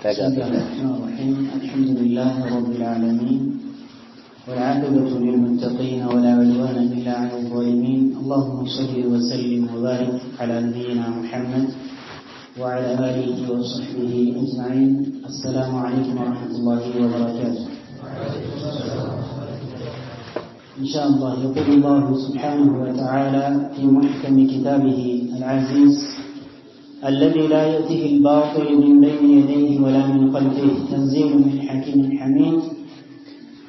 بسم الله الرحمن الرحيم الحمد لله رب العالمين والعاقبة للمتقين ولا عدوان إلا على الظالمين اللهم صل وسلم وبارك على نبينا محمد وعلى آله وصحبه أجمعين السلام عليكم ورحمة الله وبركاته إن شاء الله يقول الله سبحانه وتعالى في محكم كتابه العزيز الذي لا يأتيه الباطل من بين يديه ولا من خلفه تنزيل من حكيم حميد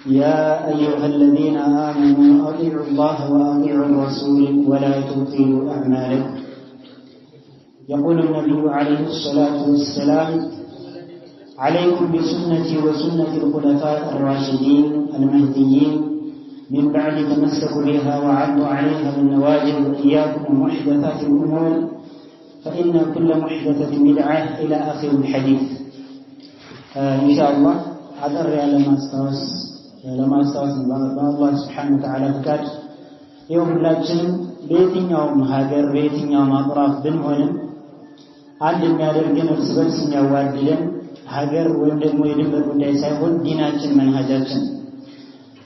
يا أيها الذين آمنوا أطيعوا الله وأطيعوا الرسول ولا تبطلوا أعمالكم يقول النبي عليه الصلاة والسلام عليكم بسنتي وسنة الخلفاء الراشدين المهديين من بعد تمسكوا بها وعدوا عليها بالنواجذ وإياكم ومحدثات الأمور فإن كل محدثة بدعة إلى آخر الحديث إن شاء الله አጠር ያለ ማስታወስ ለማስታወስ በአላህ ስብሓን ወተዓላ ፍቃድ ይኸው ሁላችንም በየትኛውም ሀገር በየትኛውም አቅራፍ ብንሆንም አንድ የሚያደርግን እርስ በርስ የሚያዋድደን ሀገር ወይም ደግሞ የድንበር ጉዳይ ሳይሆን ዲናችን፣ መንሃጃችን።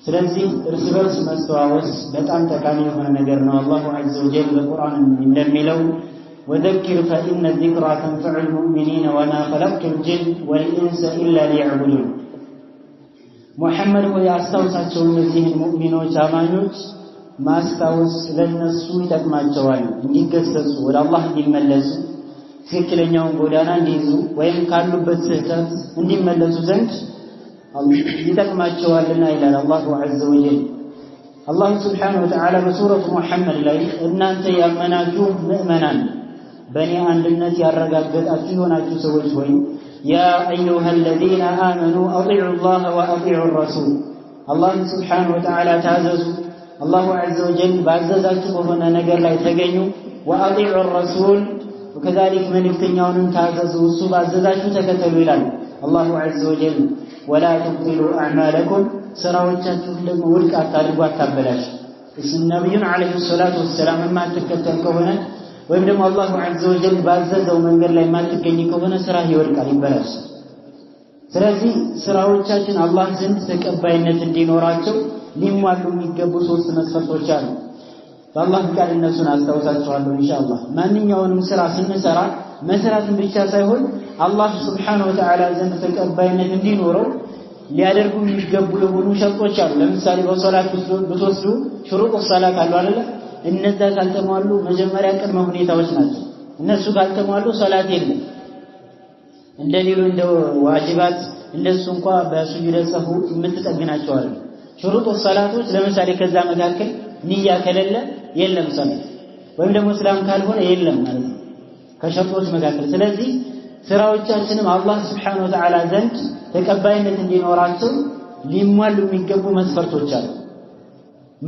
ስለዚህ እርስ በርስ መስተዋወስ በጣም ጠቃሚ የሆነ ነገር ነው። አላሁ ዐዘ ወጀል በቁርአን እንደሚለው وذكر فإن الذكرى تنفع المؤمنين وما خلقت الجن والإنس إلا ليعبدون محمد هو يستوسع تشوم المؤمن وشامانوت ما استوس لن سويتك ما تشوانو نيكسس ولا الله يملز سكرين يوم قولانا نيزو وين كانوا بسيطة اندي ملزو زنج يتك ما تشوان إلى الله عز وجل الله سبحانه وتعالى بسورة محمد لا إن أنت يا مناجوم مؤمنان بني عندنا يرجع بالأتي هنا تسوي يا أيها الذين آمنوا أطيعوا الله وأطيعوا الرسول الله سبحانه وتعالى تعزز الله عز وجل بعزز أتبهنا نقر لا يتقنوا وأطيعوا الرسول وكذلك من افتنيون تعززوا السوء بعزز أتبهنا الله عز وجل ولا تبطلوا أعمالكم سروا تتبهنا ولك أتبهنا اسم النبي عليه الصلاة والسلام ما تكتبهنا ወይም ደግሞ አላሁ ወጀል ባዘዘው መንገድ ላይ የማትገኝ ከሆነ ስራህ ይወድቃል፣ ይበላሻል። ስለዚህ ስራዎቻችን አላህ ዘንድ ተቀባይነት እንዲኖራቸው ሊሟሉ የሚገቡ ሶስት መስፈርቶች አሉ። በአላህ ፍቃድ እነሱን አስታውሳቸዋለሁ ኢንሻአላህ። ማንኛውንም ስራ ስንሰራ መስራትን ብቻ ሳይሆን አላህ ሱብሓነሁ ወተዓላ ዘንድ ተቀባይነት እንዲኖረው ሊያደርጉ የሚገቡ የሆኑ ሸርጦች አሉ። ለምሳሌ በሶላት ብትወስዱ ሽሩጥ ሶላት አሉ አይደለ? እነዛ ካልተሟሉ መጀመሪያ ቅድመ ሁኔታዎች ናቸው። እነሱ ካልተሟሉ ሰላት የለም። እንደ ሌሉ እንደ ዋጅባት እንደሱ እንኳ በሱጁደ ሰሁ አለ። ሽሩጡ ሰላቶች ለምሳሌ ከዛ መካከል ንያ ከሌለ የለም ሰላት፣ ወይም ደግሞ እስላም ካልሆነ የለም ማለት ነው ከሸርጦች መካከል። ስለዚህ ስራዎቻችንም አላህ ስብሓነሁ ወተዓላ ዘንድ ተቀባይነት እንዲኖራቸው ሊሟሉ የሚገቡ መስፈርቶች አሉ።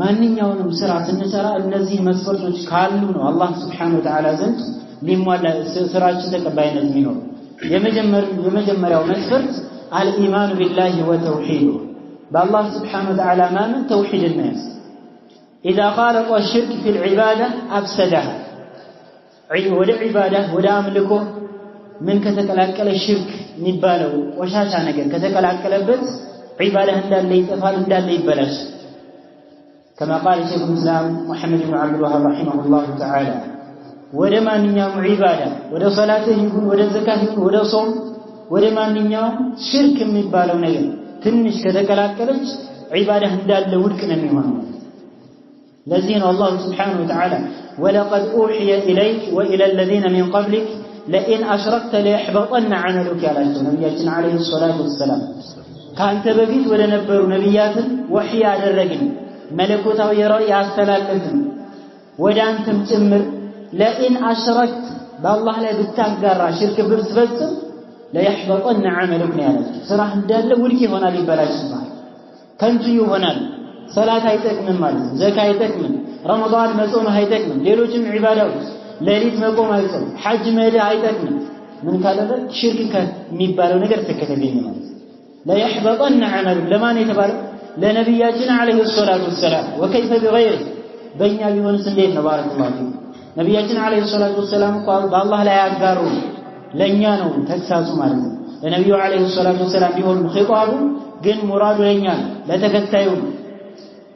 ማንኛውንም ስራ ስንሰራ እነዚህ መስፈርቶች ካሉ ነው አላህ ስብሓነሁ ወተዓላ ዘንድ ሊሟላ ስራችን ተቀባይነት የሚኖር። የመጀመሪያው መስፈርት አልኢማኑ ቢላህ ወተውሒዱ በአላህ ስብሓነሁ ወተዓላ ማመን ተውሒድና ያዝ ኢዛ ኻለቆ ሽርክ ፊል ዒባዳ አፍሰዳሃ ወደ ዒባዳ ወደ አምልኮ ምን ከተቀላቀለ ሽርክ የሚባለው ቆሻሻ ነገር ከተቀላቀለበት ዒባዳህ እንዳለ ይጠፋል፣ እንዳለ ይበላሽ كما قال شيخ الاسلام محمد بن عبد الوهاب رحمه الله تعالى ودم ان يوم عباده ودم صلاته يكون ودم زكاه يكون ودم صوم ودم ان يوم شرك من بالون تنش كذا عباده هندال لولك من يوم لزين الله سبحانه وتعالى ولقد اوحي اليك والى الذين من قبلك لئن اشركت ليحبطن عملك على نبينا عليه الصلاه والسلام كان تبغيت ولا نبر نبياتن وحي على الرجل መለኮታዊ ራዕይ አስተላለፍም ወደ አንተም ጭምር ለኢን አሽረክት በአላህ ላይ ብታጋራ ሽርክ ብትፈጽም ለየሕበጠን ዓመልክ ነው ያላቸው። ስራህ እንዳለ ውድቅ ይሆናል፣ ይበላሽብሃል፣ ከንቱ ይሆናል። ሰላት አይጠቅምም ማለት ነው። ዘካ አይጠቅምም፣ ረመዳን መጾም አይጠቅምም፣ ሌሎችም ዒባዳዎች ሌሊት መቆም አይጠቅም፣ ሐጅ መሄድ አይጠቅምም። ምን ካደረግ ሽርክ ከሚባለው ነገር ተከተለኝ ማለት ለየሕበጠን ዓመልክ ለማን የተባለው ለነቢያችን አለይሂ ሰላቱ ወሰላም ወከይፈ ቢገይሪ በእኛ ቢሆንስ እንዴት ነው? ባረከላሁ ነቢያችን አለይሂ ሰላቱ ወሰላም እኮ በአላህ ላይ አጋሩ ለእኛ ነው ተግሳጹ ማለት ነው። ለነቢዩ አለይሂ ሰላቱ ወሰላም ቢሆን ኺጧቡ ግን ሙራዱ ለእኛ ለተከታዩ።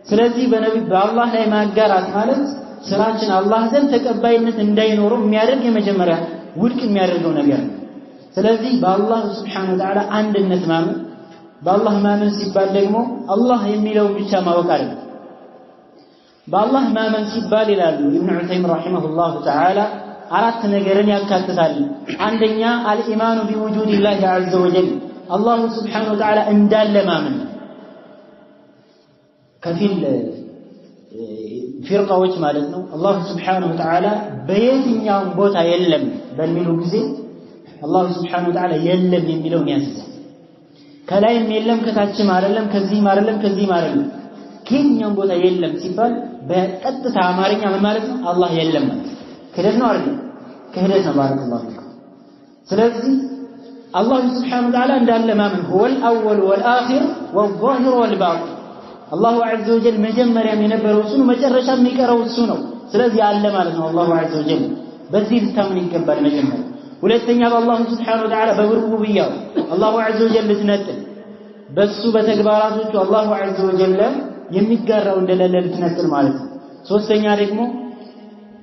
ስለዚህ በነቢይ በአላህ ላይ ማጋራት ማለት ስራችን አላህ ዘንድ ተቀባይነት እንዳይኖረው የሚያደርግ የመጀመሪያ ውድቅ የሚያደርገው ነገር ነው። ስለዚህ በአላህ ሱብሓነሁ ወተዓላ አንድነት ማመን በአላህ ማመን ሲባል ደግሞ አላህ የሚለውን ብቻ ማወቅ አይደለም። በአላህ ማመን ሲባል ይላሉ ኢብኑ ዑተይም ረሒመሁላሁ ተዓላ አራት ነገርን ያካትታል። አንደኛ አልኢማኑ ቢውጁዲላሂ ዐዘ ወጀል አላሁ ስብሓነሁ ወተዓላ እንዳለ ማመን። ከፊል ፊርቃዎች ማለት ነው አላሁ ስብሓነሁ ወተዓላ በየትኛውም ቦታ የለም በሚሉ ጊዜ አላሁ ስብሓነሁ ወተዓላ የለም የሚለውን ያስዛል። ከላይም የለም ከታችም አይደለም ከዚህም አይደለም ከዚህም አይደለም ከየትኛውም ቦታ የለም ሲባል በቀጥታ አማርኛ ምን ማለት ነው? አላህ የለም ማለት ክህደት ነው አይደለም? ክህደት ነው። ባረከላሁ ፊኩም። ስለዚህ አላህ ሱብሓነሁ ወተዓላ እንዳለ ማመን ሁወል አወል ወልአኺር ወዛሂር ወልባጢን አላሁ ዐዘ ወጀል መጀመሪያም የነበረው እሱ ነው፣ መጨረሻም የሚቀረው እሱ ነው። ስለዚህ አለ ማለት ነው አላሁ ዐዘ ወጀል። በዚህ ልታምን ይገባል መጀመሪያ ሁለተኛ በአላሁ ስብሓነሁ ወተዓላ በሩቡብያው አላሁ ዐዘወጀል ልትነጥል በሱ በተግባራቶቹ አላሁ ዐዘወጀል የሚጋራው እንደሌለ ልትነጥል ማለት ነው። ሶስተኛ ደግሞ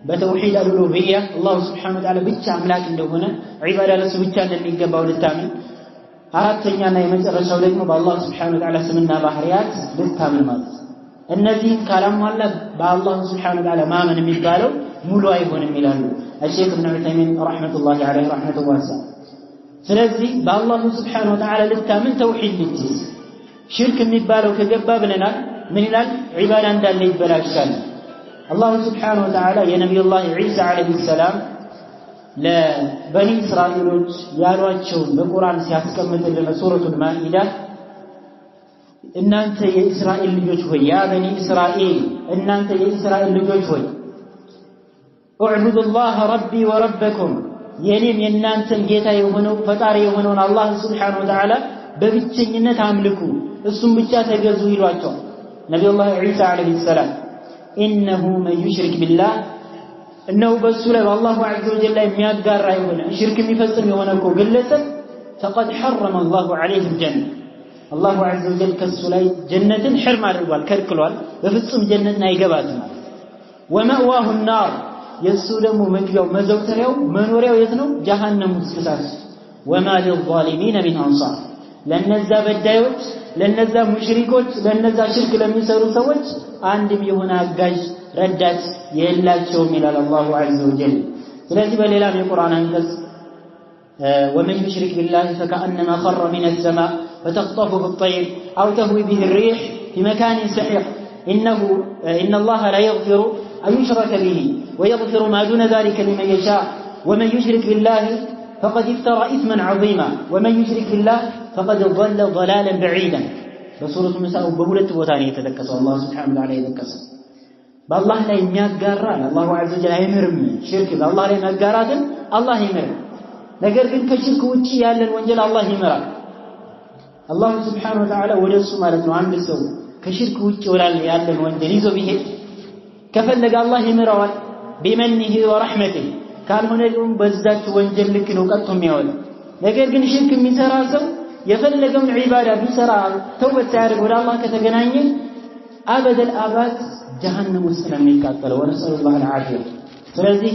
በተውሂድ አልኡሉሂያ አላሁ ስብሓነሁ ወተዓላ ብቻ አምላክ እንደሆነ ዒባዳ ለሱ ብቻ እንደሚገባው ልታምን። አራተኛና የመጨረሻው ደግሞ በአላሁ ስብሓነሁ ወተዓላ ስምና ባህሪያት ልታምን ማለት ነው። እነዚህን ካላሟላ በአላሁ ስብሓነሁ ወተዓላ ማመን የሚባለው ሙሉ አይሆንም ይላሉ አልሼክ እብን ዑተይሚን ረሕመቱላሂ ዐለይሂ ረሕመቱ ዋሳ። ስለዚህ በአላሁ ስብሓነሁ ወተዓላ ልታምን ተውሒድ ልትይዝ ሽርክ የሚባለው ከገባ ብለናል ምን ይላል ዒባዳ እንዳለ ይበላሻል። አላሁ ስብሓነሁ ወተዓላ የነቢዩላህ ዒሳ ዐለይሂ ሰላም ለበኒ እስራኤሎች ያሏቸውን በቁርአን ሲያስቀምጥልን ሱረቱል ማኢዳ እናንተ የእስራኤል ልጆች ሆይ ያ በኒ እስራኤል እናንተ የእስራኤል ልጆች ሆይ اعبدوا الله ربي وربكم يليم ينانتم جيتا يومنو فتار يومنون الله سبحانه وتعالى ببتشن ينت عملكو السم بتشاتا يزويلواتو نبي الله عيسى عليه السلام إنه من يشرك بالله إنه بسولة والله عز وجل يميات قار رأيونا شرك مفسر يومنكو قلسا فقد حرم الله عليه الجنة الله عز وجل كالسولة جنة حرم على الوال كالكلوال ففسهم جنة نايقبات ومأواه النار የእሱ ደግሞ መግቢያው መዘውተሪያው መኖሪያው የት ነው ጀሃነም ውስጥ እሳት ወማ ሊዛሊሚን ሚን አንሳር ለነዛ በዳዮች ለነዛ ሙሽሪኮች ለነዛ ሽርክ ለሚሰሩ ሰዎች አንድም የሆነ አጋዥ ረዳት የላቸውም ይላል አላሁ ዐዘ ወጀል ስለዚህ በሌላም የቁርአን አንቀጽ ومن يشرك بالله فكأنما خر من السماء فتخطفه الطير أو تهوي به الريح في مكان سحيق إنه إن الله لا يغفر أن يشرك به ويغفر ما دون ذلك لمن يشاء ومن يشرك بالله فقد افترى اثما عظيما ومن يشرك بالله فقد ضل ضلالا بعيدا بصورة النساء بقولة بوتاني يتذكس الله سبحانه وتعالى يتذكس بالله لا يمير الله عز وجل يمر من شرك الله لا يمير الله يمر نقر قد كشرك وتشي هل الوانجل الله يمر الله سبحانه وتعالى ولسه ما لتنو عمل سوء كشرك وتشي هل الوانجل يزو به كفل لقى الله يمر ቢመኒህ ወረሕመቲ ካልሆነ ደግሞ በዛች ወንጀል ልክ ነው ቀጥቶ የሚያወጣ ነገር ግን ሽርክ የሚሰራ ሰው የፈለገውን ዒባዳ ቢሰራ ተውበት ሳያደርግ ወደ አላህ ከተገናኘ አበደል አባት ጀሃነም ውስጥ ነው የሚቃጠለው። ወነስአሉላህ አልዓፊያ። ስለዚህ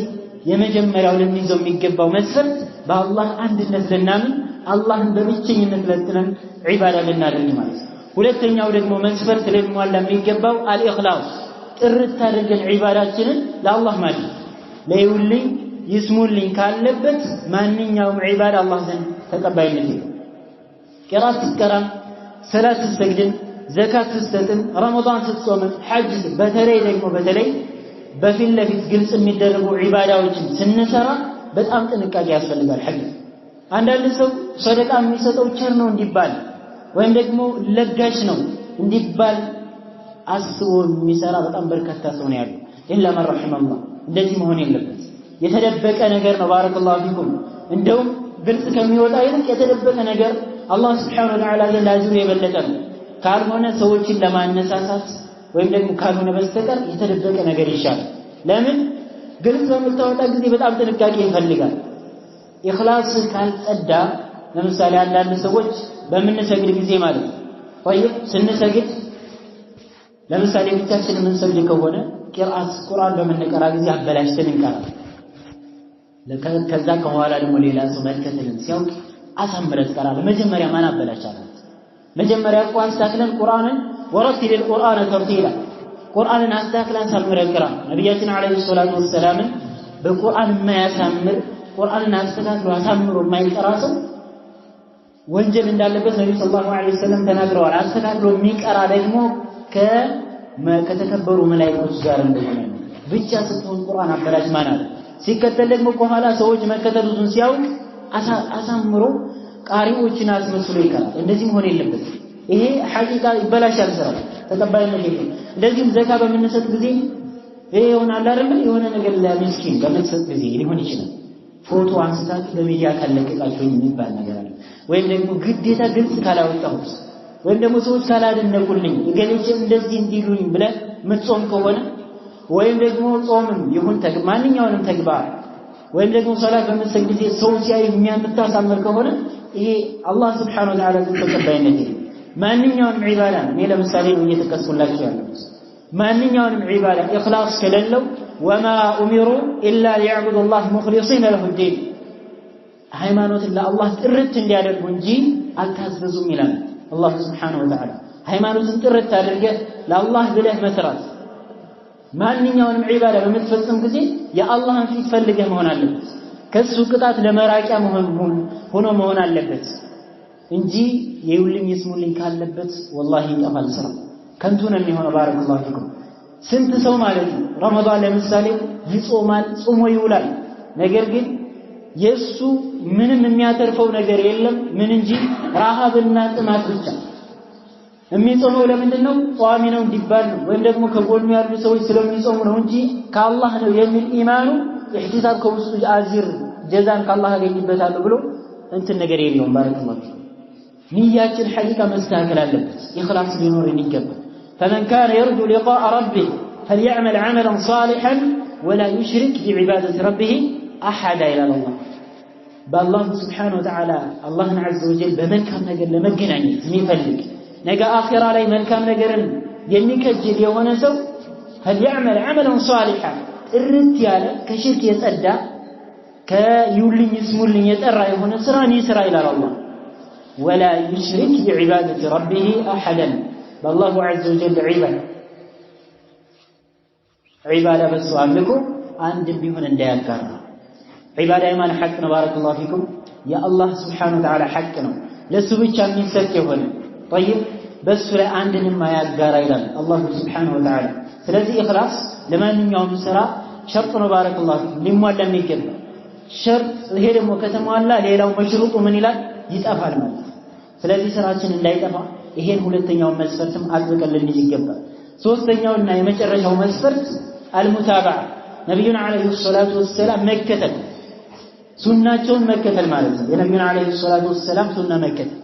የመጀመሪያው ልንይዘው የሚገባው መስፈርት በአላህ አንድነት ልናምን፣ አላህን በብቸኝነት ለጥለን ዒባዳ ልናደርግ ማለት ነው። ሁለተኛው ደግሞ መስፈርት ልንሟላ የሚገባው አልኢኽላስ ጥርት አድርገን ዒባዳችንን ለአላህ ማለት ለይውልኝ ይስሙልኝ ካለበት ማንኛውም ዒባዳ አላህ ዘንድ ተቀባይነት ነው ቂራት ስትቀራም፣ ሰላት ስትሰግድም፣ ዘካት ስትሰጥም፣ ረመዳን ስትጾምም፣ ሐጅ በተለይ ደግሞ በተለይ በፊት ለፊት ግልጽ የሚደረጉ ዒባዳዎችን ስንሰራ በጣም ጥንቃቄ ያስፈልጋል። ሐቅ አንዳንድ ሰው ሰደቃ የሚሰጠው ቸር ነው እንዲባል ወይም ደግሞ ለጋሽ ነው እንዲባል አስቦ የሚሰራ በጣም በርካታ ሰው ነው ያለው። ኢላ መን ረሒመላህ። እንደዚህ መሆን የለበት የተደበቀ ነገር ነው። ባረከላሁ ፊኩም። እንደውም ግልጽ ከሚወጣ ይልቅ የተደበቀ ነገር አላህ ስብሓነሁ ወተዓላ ዘንድ አጅሩ የበለጠ ነው። ካልሆነ ሰዎችን ለማነሳሳት ወይም ደግሞ ካልሆነ በስተቀር የተደበቀ ነገር ይሻላል። ለምን ግልጽ በምታወጣ ጊዜ በጣም ጥንቃቄ ይፈልጋል። ኢኽላስ ካልጸዳ፣ ለምሳሌ አንዳንድ ሰዎች በምንሰግድ ጊዜ ማለት ነው ወይ ስንሰግድ ለምሳሌ ብቻችን የምንሰግድ ከሆነ ቂርአት ቁርአን በምንቀራ ጊዜ አበላሽተን እንቀራለን። ከዛ ከኋላ ደግሞ ሌላ ሰው መከተልን ሲያውቅ አሳምረት ትቀራለህ። መጀመሪያ ማን አበላሽ መጀመሪያ እኮ አስተካክለን ቁርአንን ወረቲል ቁርአነ ተርቲላ ቁርአንን አስተካክለን አሳምረህ ቅራ። ነቢያችን ዓለይሂ ሰላቱ ወሰላምን በቁርአን የማያሳምር ቁርአንን አስተካክሎ አሳምሮ የማይቀራ ሰው ወንጀል እንዳለበት ነቢዩ ሰለላሁ ዐለይሂ ወሰለም ተናግረዋል። አስተካክሎ የሚቀራ ደግሞ ከተከበሩ መላእክቶች ጋር እንደሆነ ብቻ ስትሆን ቁርአን አበላሽ ማናል። ሲከተል ደግሞ ከኋላ ሰዎች መከተሉን ሲያውቅ አሳምሮ ቃሪዎችን አስመስሎ ይቀራል። እንደዚህ መሆን የለበት። ይሄ ሐቂቃ ይበላሻል፣ ስራ ተቀባይነት የለም። እንደዚህም ዘካ በምንሰጥ ጊዜ ይሄ ይሆናል አይደል? የሆነ ነገር ለምስኪን በምንሰጥ ጊዜ ሊሆን ይችላል ፎቶ አንስታችሁ በሚዲያ ካለቀቃችሁኝ የሚባል ነገር አለ። ወይም ደግሞ ግዴታ ግልጽ ካላወጣሁት ወይም ደግሞ ሰዎች ሳላደነቁልኝ እገሌችም እንደዚህ እንዲሉኝ ብለ ምትጾም ከሆነ ወይም ደግሞ ጾምም ይሁን ማንኛውንም ተግባር ወይም ደግሞ ሶላት በምትሰግድ ጊዜ ሰው ሲያይ የምታሳምር ከሆነ ይሄ አላህ ስብሓነሁ ወተዓላ ተቀባይነት የለም። ማንኛውንም ዒባዳ እኔ ለምሳሌ እየጠቀስኩላችሁ ያለው ማንኛውንም ዒባዳ ኢኽላስ ከሌለው ወማ ኡሚሩ ኢላ ሊያዕቡዱ ላህ ሙኽሊሲነ ለሁ ዲን ሃይማኖትን ለአላህ ጥርት እንዲያደርጉ እንጂ አልታዘዙም ይላል። አላህ ስብሓነሁ ወተዓላ ሃይማኖትን ጥርት አድርገህ ለአላህ ብለህ መስራት ማንኛውንም ዒባዳ በምትፈጽም ጊዜ የአላህን ፊት ፈልገህ መሆን አለበት። ከሱ ቅጣት ለመራቂያ ሆኖ መሆን አለበት እንጂ የዩልኝ ይስሙልኝ ካለበት ወላሂ ይጠፋል ስራ ከንቱ ነው የሚሆነው። ባረከላሁ ፊኩም። ስንት ሰው ማለት ነው ረመዳን ለምሳሌ ይጾማል፣ ጾሞ ይውላል። ነገር ግን የእሱ ምንም የሚያተርፈው ነገር የለም። ምን እንጂ ረሃብና ጥማት ብቻ። የሚጾመው ለምንድን ነው? ጧሚ ነው እንዲባል ነው፣ ወይም ደግሞ ከጎኑ ያሉ ሰዎች ስለሚጾሙ ነው እንጂ ከአላህ ነው የሚል ኢማኑ ኢሕቲሳብ ከውስጡ አዚር ጀዛን ከአላህ አገኝበታለሁ ብሎ እንትን ነገር የለውም። ባረከላሁ ንያችን ሐቂቃ መስተካከል አለበት፣ የኽላስ ሊኖርን ይገባል። فمن كان يرجو لقاء ربه فليعمل عملا صالحا ولا يشرك بعبادة ربه أحدا إلى الله بالله سبحانه وتعالى الله عز وجل بمن كان نجر لمن كان عني فلك نجا آخر علي من كان نجر يمي كجل يوانسو هل يعمل عملا صالحا الرتيال كشرك يتأدى كيولي يسمولي يتأرى يهون سرى إلى الله ولا يشرك بعبادة ربه أحدا بالله عز وجل عبادة عبادة بس أملكه عند بيهون اندياكارنا عبادة ما حق نبارك الله فيكم يا الله سبحانه وتعالى حقنا لسوبيتش من سكيهن طيب بس سورة عندنا ما يقدر أيضا الله سبحانه وتعالى ثلاثة إخلاص لما نيوم سرا شرط نبارك الله فيكم لم ولا ميكن شرط غير مكتم الله غير مشروط من إلى يتأفى المال ثلاثة سراتش لا يتأفى إيهن هو لتنيوم مسفرتم أذكى للنجي قبل يوم نايمة الرجوع مسفرت المتابعة نبينا عليه الصلاة والسلام مكتب ሱናቸውን መከተል ማለት ነው። የነቢዩን ዓለይሂ ሰላቱ ወሰላም ሱና መከተል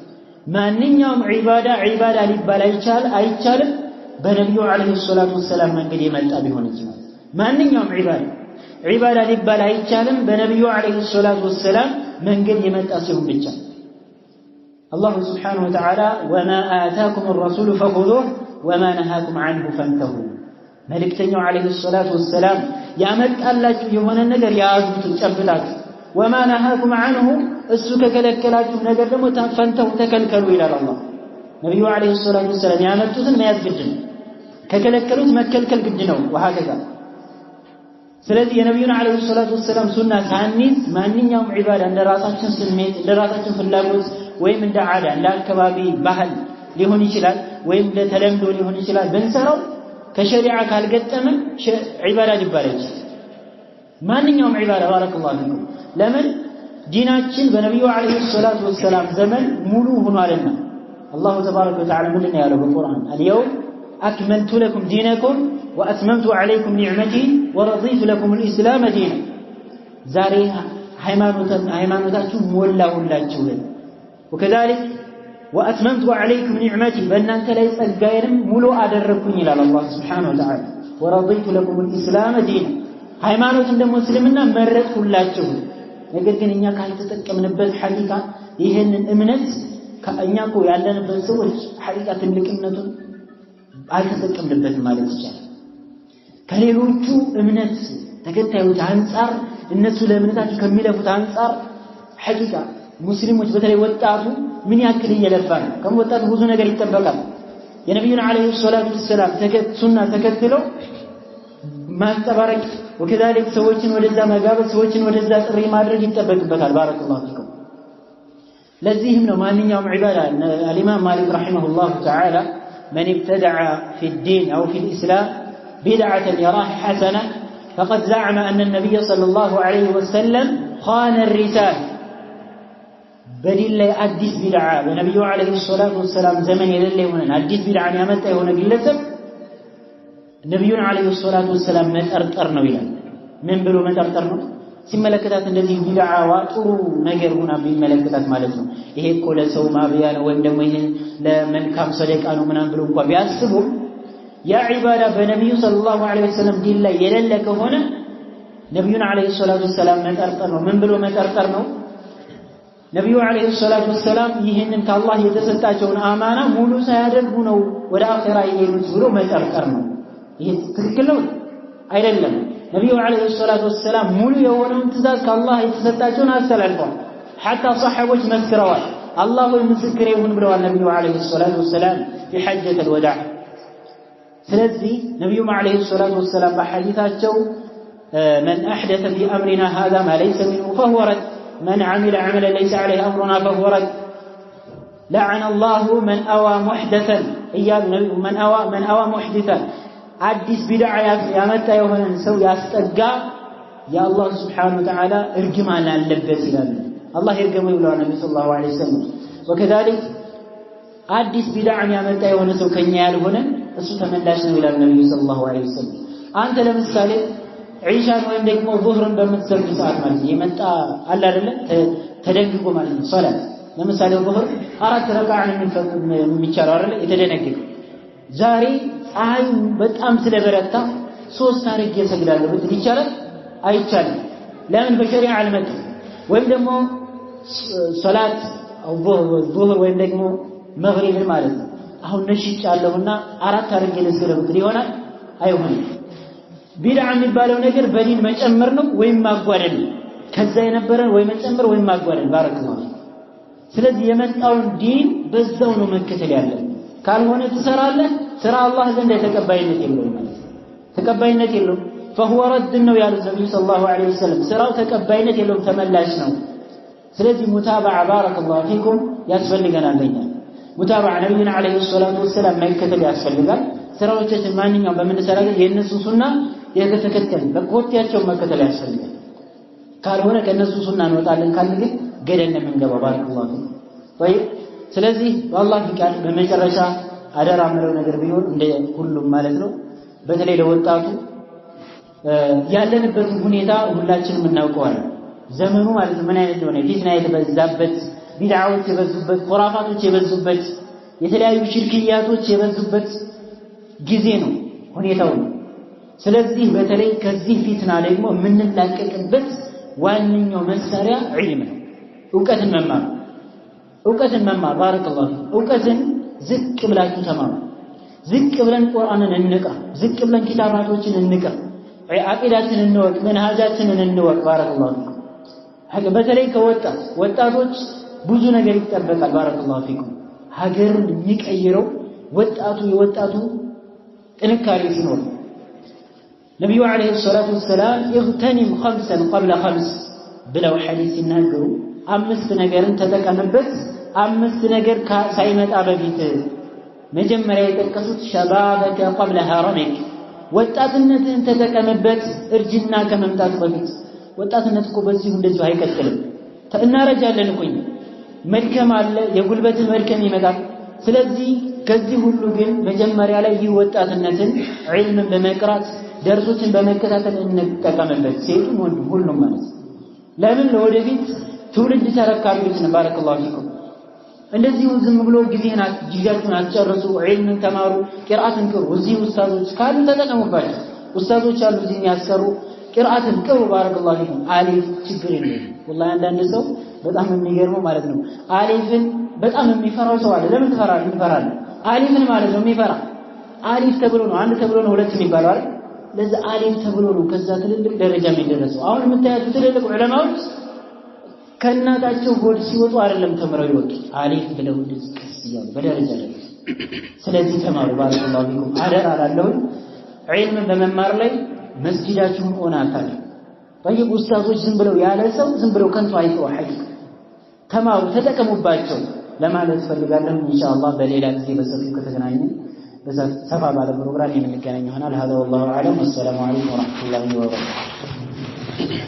ማንኛውም ዒባዳ ዒባዳ ሊባል አይቻል አይቻልም በነቢዩ ዓለይሂ ሰላቱ ወሰላም መንገድ የመጣ ቢሆን እንጂ ማንኛውም ዒባዳ ዒባዳ ሊባል አይቻልም በነቢዩ ዓለይሂ ሰላቱ ወሰላም መንገድ የመጣ ሲሆን ብቻ። አላሁ ስብሓነሁ ወተዓላ ወማ አታኩም ረሱሉ ፈኹዙህ ወማ ነሃኩም ዐንሁ ፈንተሁ መልእክተኛው ዓለይሂ ሰላቱ ወሰላም ያመጣላችሁ የሆነ ነገር ያዙትን ጨብጣችሁ ወማ ነሃኩም አንሁ እሱ ከከለከላችሁ ነገር ደግሞ ፈንተው ተከልከሉ ይላል አላህ። ነቢዩ ዓለይሂ ሰላቱ ወሰላም ያመጡትን መያዝ ግድ ነው፣ ከከለከሉት መከልከል ግድ ነው። ወሀከዛ ስለዚህ የነቢዩን ዓለይሂ ሰላቱ ወሰላም ሱና ሳኒዝ ማንኛውም ዒባዳ እንደ ራሳችን ስሜት እንደ ራሳችን ፍላጎት ወይም እንደ ዓዳ እንደ አካባቢ ባህል ሊሆን ይችላል፣ ወይም እንደ ሊሆን ይችላል ብንሰራው ከሸሪዓ ካልገጠመ ዒባዳ ሊባል አይችልም። ማንኛውም ዒባዳ ባረከላሁ ፊኩም لمن ديناتين بنبيه عليه الصلاة والسلام زمن ملوه علينا الله تبارك وتعالى قلنا يا رب القرآن اليوم أكملت لكم دينكم وأتممت عليكم نعمتي ورضيت لكم الإسلام دينا زاري حيمان تاتم ولا ولا تولد وكذلك وأتممت عليكم نعمتي بأن ليس القائر ملو أدركم إلى الله سبحانه وتعالى ورضيت لكم الإسلام دينا حيمان تاتم مسلمنا مرت ولا تولد ነገር ግን እኛ ካልተጠቀምንበት ሐቂቃ ይህንን እምነት እኛ እኮ ያለንበት ሰዎች ሐቂቃ ትልቅነቱን አልተጠቀምንበትም ማለት ይቻላል። ከሌሎቹ እምነት ተከታዮች አንጻር እነሱ ለእምነታቸው ከሚለፉት አንጻር ሐቂቃ ሙስሊሞች በተለይ ወጣቱ ምን ያክል እየለፋ ነው? ከወጣቱ ብዙ ነገር ይጠበቃል። የነቢዩን ዓለይሂ ሰላቱ ወሰላም ሱና ተከትለው ማንጸባረቅ وكذلك سوتشن ولا ذا مجاب سوتشن ولا ذا ما درج انت بك بارك الله فيكم لذيهم ما منهم يوم الإمام مالك رحمه الله تعالى من ابتدع في الدين أو في الإسلام بدعة يراها حسنة فقد زعم أن النبي صلى الله عليه وسلم خان الرسالة بل لا أدس بدعة ونبي عليه الصلاة والسلام زمن يدل لهنا اديس بدعة يا متى هنا قلتك ነቢዩን ዓለይሂ ሰላቱ ወሰላም መጠርጠር ነው ይላል። ምን ብሎ መጠርጠር ነው? ሲመለከታት እንደዚህ ቢድዓዋ ጥሩ ነገር ሆና ቢመለከታት ማለት ነው። ይሄ እኮ ለሰው ማብያ ነው ወይም ደግሞ ይሄ ለመልካም ሰደቃ ነው ምናምን ብሎ እንኳን ቢያስቡ ያ ዒባዳ በነቢዩ ሰለላሁ ዐለይሂ ወሰለም ዲን ላይ የሌለ ከሆነ ነቢዩን ዓለይሂ ሰላቱ ወሰላም መጠርጠር ነው። ምን ብሎ መጠርጠር ነው? ነቢዩ ዓለይሂ ሰላቱ ወሰላም ይህንን ከአላህ የተሰጣቸውን አማና ሙሉ ሳያደርጉ ነው ወደ አኼራ የሄዱት ብሎ መጠርጠር ነው። ትክክል ነው አይደለም። ነቢዩ ዓለይሂ ሰላቱ ወሰላም ሙሉ የሆነውን ትእዛዝ ከአላህ የተሰጣቸውን አስተላልፈዋል። ሐታ ሰሐቦች መስክረዋል። አላህ ሆይ ምስክሬ ይሁን ብለዋል ነቢዩ ዓለይሂ ሰላቱ ወሰላም የሐጀተል ወዳዕ። ስለዚህ ነቢዩም ዓለይሂ ሰላቱ ወሰላም በሐዲታቸው መን አሕደተ ፊ አምሪና ሃዛ ማ ለይሰ ሚንሁ ፈሁወ ረድ መን ዓሚለ ዓመለን ለይሰ ዓለይህ አምሩና ፈሁወ ረድ لعن الله من أوى محدثا إياه من أوى من أوى محدثا አዲስ ቢድዓ ያመጣ የሆነን ሰው ያስጠጋ የአላህ ስብሓነሁ ወተዓላ እርግማን አለበት ይላሉ። አላህ ይርገመው ብለዋል ነቢ ሰለላሁ ዐለይሂ ወሰለም። ወከዛሊክ አዲስ ቢድዓን ያመጣ የሆነ ሰው ከኛ ያልሆነ እሱ ተመላሽ ነው ይላል ነቢዩ ሰለላሁ ዐለይሂ ወሰለም። አንተ ለምሳሌ ዒሻን ወይም ደግሞ ዙህርን በምትሰግድ ሰዓት ማለት ነው የመጣ አለ አይደለ ተደግጎ ማለት ነው ሶላት ለምሳሌ ዙህር አራት ረካዓን የሚቻለው አይደለ የተደነገገ ዛሬ ፀሐዩ በጣም ስለበረታ ሶስት አረግ እሰግዳለሁ ብትል ይቻላል? አይቻልም። ለምን በሸሪዓ አልመጣም። ወይም ደግሞ ሶላት ዙህር ወይም ደግሞ መግሪብን ማለት ነው። አሁን ነሽጫለሁና አራት አረግ ልስገድ ብትል ይሆናል? አይሆንም። ቢድዓ የሚባለው ነገር በዲን መጨመር ነው ወይም ማጓደል ከዛ የነበረ ወይ መጨመር ወይም ማጓደል ባረክ ነው። ስለዚህ የመጣውን ዲን በዛው ነው መከተል ያለን ካልሆነ ትሰራለህ ስራ አላህ ዘንድ ተቀባይነት የለውም ማለት ተቀባይነት የለውም فهو ረድ ነው ያሉት ነብዩ ሰለላሁ ዐለይሂ ወሰለም ስራው ተቀባይነት የለውም ተመላሽ ነው። ስለዚህ ሙታበዓ ባረከላሁ ፊኩም ያስፈልገናል። ለኛ ሙታበዓ ነብዩን ዐለይሂ ሰላቱ ወሰላም መከተል ያስፈልጋል። ስራዎቻችን ማንኛውም በምንሰራ ጊዜ የእነሱ ሱና የተከተል በኮቴያቸው መከተል ያስፈልጋል። ካልሆነ ከእነሱ ሱና እንወጣለን ካልን ግን ገደል ነው የምንገባው። ባረከላሁ ፊኩም ስለዚህ በአላህ ፍቃድ በመጨረሻ አደራ ምለው ነገር ቢሆን እንደ ሁሉም ማለት ነው፣ በተለይ ለወጣቱ ያለንበት ሁኔታ ሁላችንም እናውቀዋለን። ዘመኑ ማለት ምን አይነት እንደሆነ ፊትና የተበዛበት ቢድዓዎች የበዙበት ቁራፋቶች የበዙበት የተለያዩ ሽርክያቶች የበዙበት ጊዜ ነው ሁኔታው ነው። ስለዚህ በተለይ ከዚህ ፊትና ደግሞ የምንላቀቅበት ዋነኛው መሳሪያ ዒልም ነው፣ እውቀትን መማር أوكازن مما بارك الله فيك أوكازن زك بلاك تماما زك بلان قرآن ننقى زك بلان كتابات وچن ننقى عقيداتن النوك منهاجاتن النوك بارك الله فيك حقا بزليك وطا وطا بوچ بوزونا قريب تربك بارك الله فيكم هاجر ميك أيرو وطا تو يوطا تو انكاري سنور نبي عليه الصلاة والسلام اغتنم خمسا قبل خمس بلا حديث ناقروا አምስት ነገርን ተጠቀምበት። አምስት ነገር ሳይመጣ በፊት መጀመሪያ የጠቀሱት ሸባበከ ቀብለ ሀረሜክ ወጣትነትን ተጠቀምበት። እርጅና ከመምጣት በፊት ወጣትነት እኮ በዚሁ እንደዚሁ አይቀጥልም። እናረጃለን እኮኝ መድከም አለ፣ የጉልበትን መድከም ይመጣል። ስለዚህ ከዚህ ሁሉ ግን መጀመሪያ ላይ ይህ ወጣትነትን ዒልምን በመቅራት ደርሶችን በመከታተል እንጠቀምበት። ሴቱም ወንዱም ሁሉም ማለት ለምን ለወደፊት ትውልድ ተረካቢዎች ነን። ባረከላሁ ፊኩም። እንደዚሁ ዝም ብሎ ጊዜህን ጊዜያችሁን አትጨርሱ። ዒልምን ተማሩ፣ ቂርአትን ቅሩ። እዚህ ኡስታዞች ካሉ ተጠቀሙባቸው። ኡስታዞች አሉ እዚህ የሚያሰሩ ቂርአትን ቅሩ። ባረከላሁ ፊኩም። አሊፍ ችግር የለም ወላሂ። አንዳንድ ሰው በጣም የሚገርመው ማለት ነው አሊፍን በጣም የሚፈራው ሰው አለ። ለምን ትፈራለህ? እንፈራለን አሊፍን ማለት ነው የሚፈራ አሊፍ ተብሎ ነው አንድ ተብሎ ነው ሁለት የሚባለው አይደል? ለዛ አሊፍ ተብሎ ነው ከዛ ትልልቅ ደረጃ የሚደረሰው። አሁን የምታያቸው ትልልቅ ዑለማዎች ከእናታቸው ሆድ ሲወጡ አይደለም ተምረው ይወጡ አሊፍ ብለው እንደዚህ ቀስ እያሉ በደረጃ ደረሱ። ስለዚህ ተማሩ። ባረከላሁ ፊኩም። አደራ እላለሁ ዒልምን በመማር ላይ መስጊዳችሁን ኦና አታድርጉ። ጠይቅ ኡስታዞች ዝም ብለው ያለ ሰው ዝም ብለው ከንቱ አይቶ ሐቂቅ ተማሩ፣ ተጠቀሙባቸው ለማለት ፈልጋለሁ። ኢንሻአላህ በሌላ ጊዜ በሰፊው ከተገናኘ በዛ ሰፋ ባለ ፕሮግራም የምንገናኝ ይሆናል። ሀዛ ወላሁ አዕለም። ወሰላሙ አለይኩም ወረሕመቱላሂ ወበረካቱ